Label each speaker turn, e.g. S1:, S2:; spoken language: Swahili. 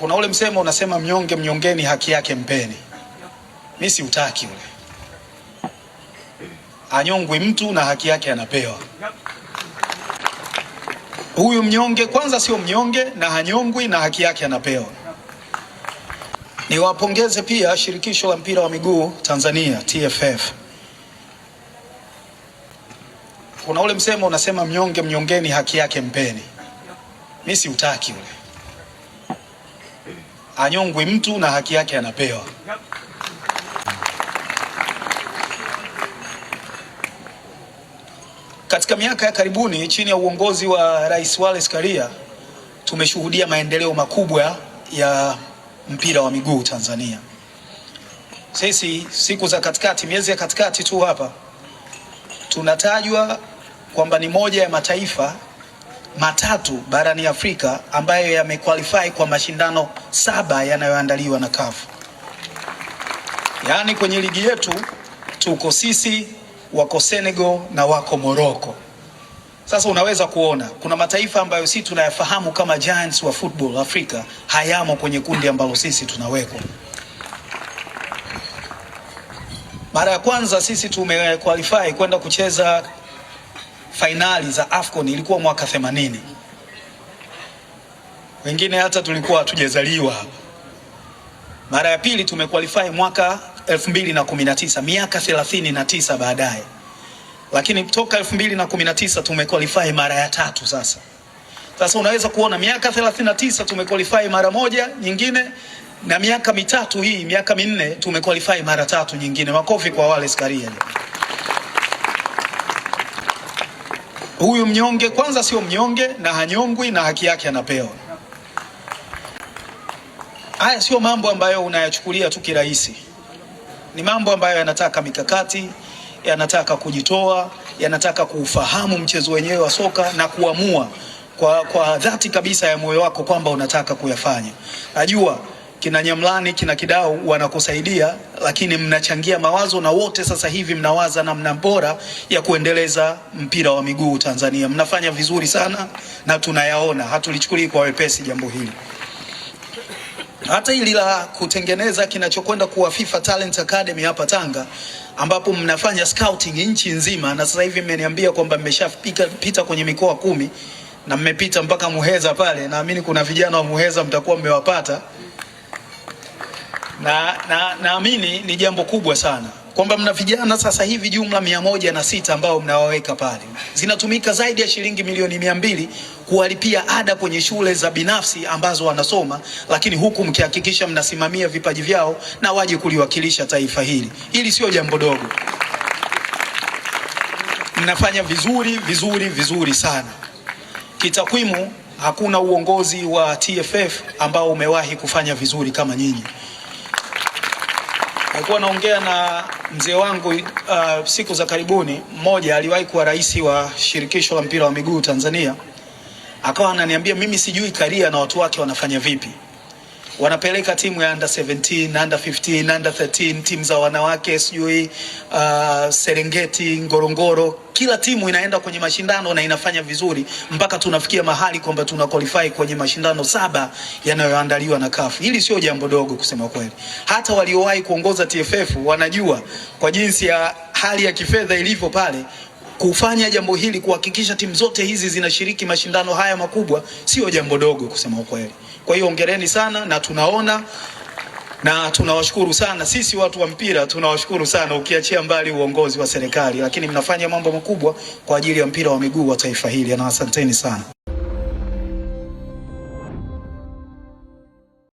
S1: kuna ule msemo unasema, mnyonge mnyongeni, haki yake mpeni. Mimi utaki ule anyongwi mtu na haki yake anapewa. Huyu mnyonge kwanza sio mnyonge na hanyongwi na haki yake anapewa. Niwapongeze pia shirikisho la mpira wa miguu Tanzania TFF. Kuna ule msemo unasema, mnyonge mnyongeni, haki yake mpeni. Mimi siutaki ule anyongwi mtu na haki yake anapewa. Katika miaka ya karibuni chini ya uongozi wa Rais Wallace Karia tumeshuhudia maendeleo makubwa ya mpira wa miguu Tanzania. Sisi siku za katikati, miezi ya katikati tu hapa tunatajwa kwamba ni moja ya mataifa matatu barani Afrika ambayo yamequalify kwa mashindano saba yanayoandaliwa na CAF. Yaani kwenye ligi yetu tuko sisi, wako Senegal na wako Morocco. Sasa unaweza kuona kuna mataifa ambayo si tunayafahamu kama giants wa football Afrika hayamo kwenye kundi ambalo sisi tunawekwa. Mara ya kwanza sisi tumequalify kwenda kucheza fainali za AFCON ilikuwa mwaka 80. Wengine hata tulikuwa hatujazaliwa. Mara ya pili tumekwalify mwaka 2019, miaka 39 baadaye, lakini toka 2019 tumekwalify mara ya tatu sasa. Sasa unaweza kuona miaka 39 tumekwalify mara moja nyingine, na miaka mitatu hii, miaka minne tumekwalify mara tatu nyingine. Makofi kwa wale Skaria. Huyu mnyonge kwanza sio mnyonge na hanyongwi na haki yake anapewa. Haya sio mambo ambayo unayachukulia tu kirahisi, ni mambo ambayo yanataka mikakati, yanataka kujitoa, yanataka kuufahamu mchezo wenyewe wa soka na kuamua kwa, kwa dhati kabisa ya moyo wako kwamba unataka kuyafanya. Najua kina Nyamlani kina Kidau wanakusaidia, lakini mnachangia mawazo na wote sasa hivi mnawaza namna bora ya kuendeleza mpira wa miguu Tanzania. Mnafanya vizuri sana na tunayaona, hatulichukulii kwa wepesi jambo hili. Hata hili la kutengeneza kinachokwenda kuwa FIFA Talent Academy hapa Tanga, ambapo mnafanya scouting nchi nzima, na sasa hivi mmeniambia kwamba mmeshapita kwenye mikoa kumi na mmepita mpaka Muheza pale. Naamini kuna vijana wa Muheza mtakuwa mmewapata na naamini ni jambo kubwa sana kwamba mna vijana sasa hivi jumla mia moja na sita ambao mnawaweka pale, zinatumika zaidi ya shilingi milioni mia mbili kuwalipia ada kwenye shule za binafsi ambazo wanasoma, lakini huku mkihakikisha mnasimamia vipaji vyao na waje kuliwakilisha taifa hili. Hili sio jambo dogo, mnafanya vizuri vizuri vizuri sana. Kitakwimu, hakuna uongozi wa TFF ambao umewahi kufanya vizuri kama nyinyi. Nilikuwa naongea na mzee wangu uh, siku za karibuni. Mmoja aliwahi kuwa rais wa shirikisho la mpira wa miguu Tanzania, akawa ananiambia mimi sijui Karia na watu wake wanafanya vipi wanapeleka timu ya under 17, under 15, under 13, timu za wanawake sijui uh, Serengeti, Ngorongoro, kila timu inaenda kwenye mashindano na inafanya vizuri mpaka tunafikia mahali kwamba tuna qualify kwenye mashindano saba yanayoandaliwa na CAF. Hili sio jambo dogo kusema kweli. Hata waliowahi kuongoza TFF wanajua kwa jinsi ya hali ya kifedha ilivyo pale kufanya jambo hili kuhakikisha timu zote hizi zinashiriki mashindano haya makubwa sio jambo dogo kusema ukweli. Kwa hiyo ongereni sana na tunaona na tunawashukuru sana sisi watu wa mpira, tunawashukuru sana ukiachia mbali uongozi wa serikali, lakini mnafanya mambo makubwa kwa ajili ya mpira wa miguu wa taifa hili, na asanteni sana.